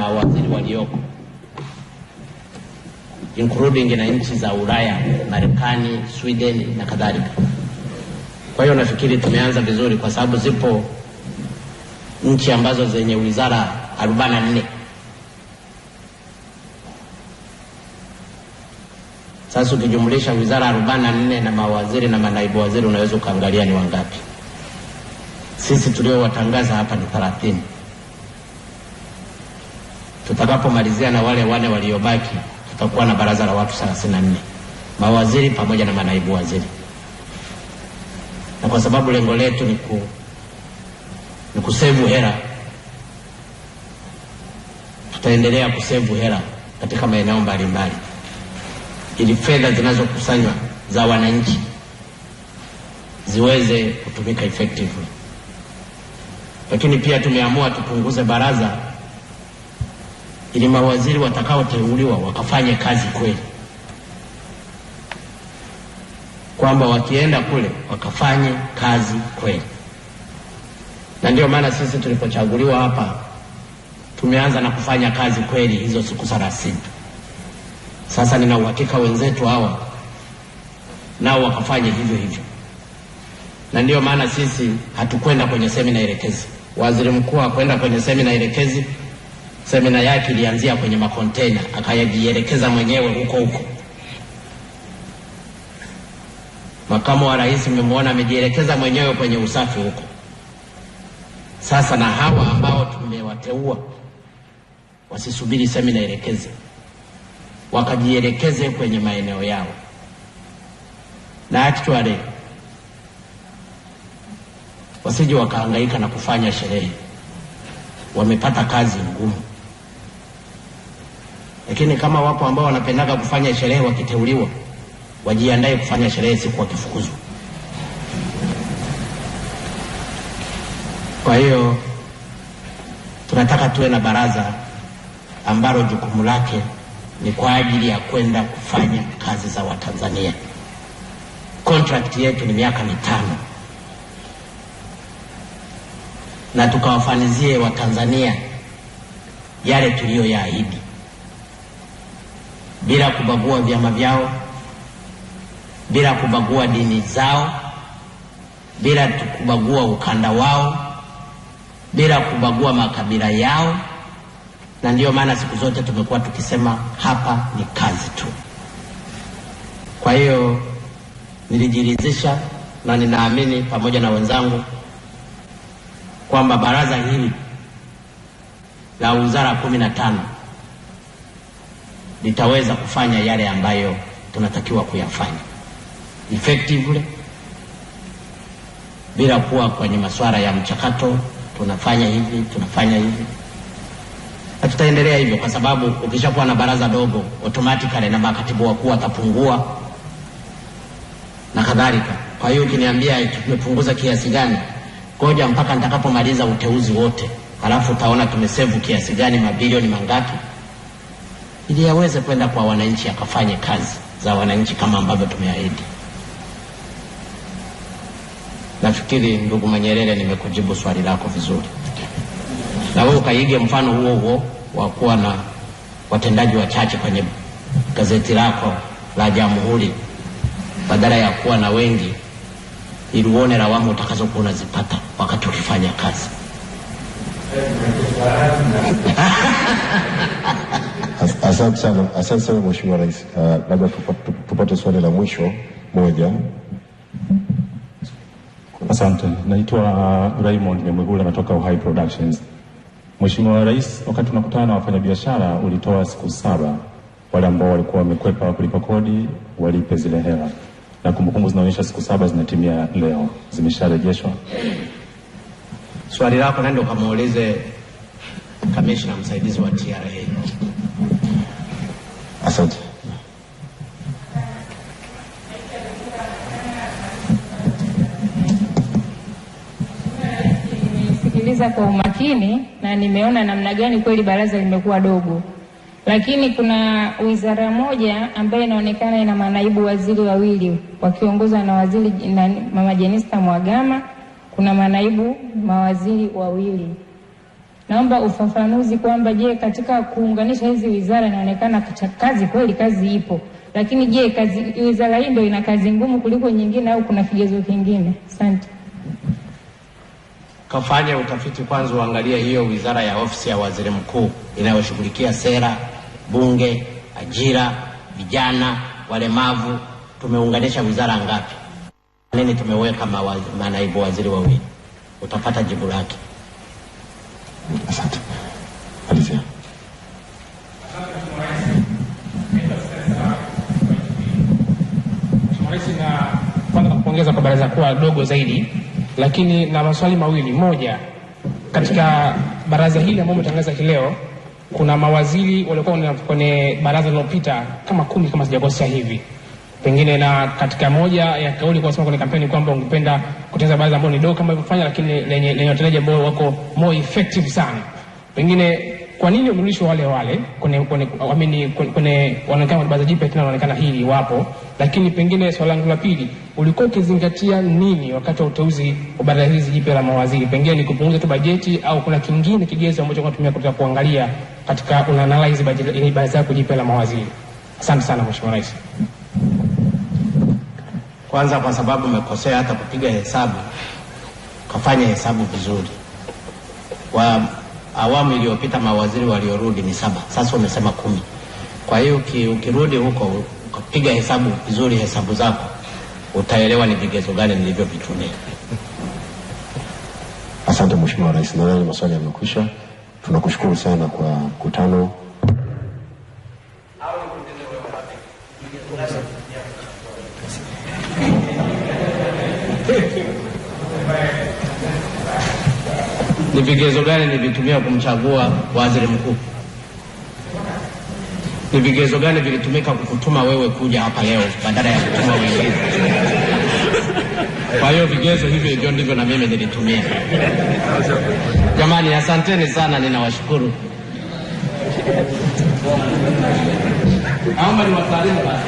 mawaziri walioko including na nchi za Ulaya, Marekani, Sweden na kadhalika. Kwa hiyo nafikiri tumeanza vizuri, kwa sababu zipo nchi ambazo zenye wizara 44. Sasa ukijumlisha wizara 44 na mawaziri na manaibu waziri, unaweza ukaangalia ni wangapi. Sisi tuliowatangaza hapa ni 30. Tutakapomalizia na wale wane waliobaki, tutakuwa na baraza la watu 34 mawaziri pamoja na manaibu waziri, na kwa sababu lengo letu ni ku ni kusevu hela, tutaendelea kusevu hela katika maeneo mbalimbali, ili fedha zinazokusanywa za wananchi ziweze kutumika effectively, lakini pia tumeamua tupunguze baraza ili mawaziri watakaoteuliwa wakafanye kazi kweli, kwamba wakienda kule wakafanye kazi kweli. Na ndio maana sisi tulipochaguliwa hapa tumeanza na kufanya kazi kweli hizo siku thelathini. Sasa nina uhakika wenzetu hawa nao wakafanye hivyo hivyo, na ndiyo maana sisi hatukwenda kwenye semina elekezi. Waziri mkuu hakwenda kwenye semina elekezi. Semina yake ilianzia kwenye makontena akayajielekeza mwenyewe huko huko. Makamu wa rais mmemwona amejielekeza mwenyewe kwenye usafi huko. Sasa na hawa ambao tumewateua wasisubiri semina elekeze, wakajielekeze kwenye maeneo yao, na actually wasije wakahangaika na kufanya sherehe, wamepata kazi ngumu lakini kama wapo ambao wanapendaga kufanya sherehe wakiteuliwa, wajiandae kufanya sherehe siku wakifukuzwa. Kwa hiyo tunataka tuwe na baraza ambalo jukumu lake ni kwa ajili ya kwenda kufanya kazi za Watanzania. Contract yetu ni miaka mitano, na tukawafanizie Watanzania yale tuliyoyaahidi bila kubagua vyama vyao, bila kubagua dini zao, bila kubagua ukanda wao, bila kubagua makabila yao. Na ndiyo maana siku zote tumekuwa tukisema hapa ni kazi tu. Kwa hiyo nilijiridhisha na ninaamini pamoja na wenzangu kwamba baraza hili la wizara kumi na tano nitaweza kufanya yale ambayo tunatakiwa kuyafanya effectively bila kuwa kwenye masuala ya mchakato, tunafanya hivi tunafanya hivi, na tutaendelea hivyo, kwa sababu ukishakuwa na baraza dogo automatically na makatibu wakuu watapungua na kadhalika. Kwa hiyo ukiniambia tumepunguza kiasi gani, ngoja mpaka nitakapomaliza uteuzi wote, halafu utaona tumesevu kiasi gani, mabilioni mangapi ili aweze kwenda kwa wananchi akafanye kazi za wananchi kama ambavyo tumeahidi. Nafikiri ndugu Manyerere, nimekujibu swali lako vizuri, na wewe ukaige mfano huo huo wa kuwa na watendaji wachache kwenye gazeti lako la Jamhuri badala ya kuwa na wengi, ili uone lawama utakazokuwa unazipata wakati ukifanya kazi. Asante sana, asante sana Mheshimiwa Rais. Uh, labda tupate swali la mwisho moja. Asante. Naitwa ah, Raymond Nyamwegula natoka Uhai Productions. Mheshimiwa Rais, wakati unakutana na wafanyabiashara ulitoa siku saba wale ambao walikuwa wamekwepa kulipa kodi walipe zile hela, na kumbukumbu zinaonyesha siku saba zinatimia leo, zimesharejeshwa. Swali lako nendo ukamuulize kamishna msaidizi wa TRA. Asante. Nimesikiliza kwa umakini na nimeona namna gani kweli baraza limekuwa dogo, lakini kuna wizara moja ambayo inaonekana ina manaibu waziri wawili wakiongozwa na waziri na Mama Jenista Mwagama, kuna manaibu mawaziri wawili. Naomba ufafanuzi kwamba je, katika kuunganisha hizi wizara inaonekana kazi kweli, kazi ipo, lakini je, kazi wizara hii ndio ina kazi ngumu kuliko nyingine au kuna kigezo kingine? Asante. Kafanya utafiti kwanza, uangalie hiyo wizara ya ofisi ya waziri mkuu inayoshughulikia sera, bunge, ajira, vijana, walemavu, tumeunganisha wizara ngapi? Nini tumeweka manaibu waziri wawili? Utapata jibu lake. Kwanza kwa baraza kuwa dogo zaidi, lakini na maswali mawili. Moja, katika baraza hili ambao umetangaza hileo kuna mawaziri waliokuwa kwenye baraza linaopita kama kumi kama sijakosea hivi pengine na katika moja ya kauli kwa sababu kwenye kampeni kwamba ungependa kutengeneza baadhi ambao ni dogo kama ilivyofanya, lakini lenye lenye wateja ambao wako more effective sana. Pengine kwa nini umrudisho wale wale kwenye kwenye amini kwenye wanaonekana baadhi jipe tena wanaonekana hili wapo, lakini pengine swali langu la pili, ulikuwa ukizingatia nini wakati wa uteuzi wa baraza hizi jipe la mawaziri? Pengine ni kupunguza tu bajeti au kuna kingine kigezo ambacho unatumia kutaka kuangalia katika una analyze bajeti eh, baraza yako jipya la mawaziri? Asante sana Mheshimiwa Rais. Kwanza kwa sababu umekosea hata kupiga hesabu, kafanya hesabu vizuri. Wa awamu iliyopita mawaziri waliorudi ni saba, sasa umesema kumi. Kwa hiyo ukirudi huko ukapiga hesabu vizuri hesabu zako, utaelewa ni vigezo gani nilivyovitumia. Asante Mheshimiwa Rais, nadhani maswali yamekwisha. Tunakushukuru sana kwa mkutano. ni vigezo gani nilitumia kumchagua waziri mkuu? Ni vigezo gani vilitumika kukutuma wewe kuja hapa leo badala ya kutuma wengine? Kwa hiyo vigezo hivyo hivyo ndivyo na mimi nilitumia. Jamani, asanteni sana, ninawashukuru. Naomba niwasalimu basi.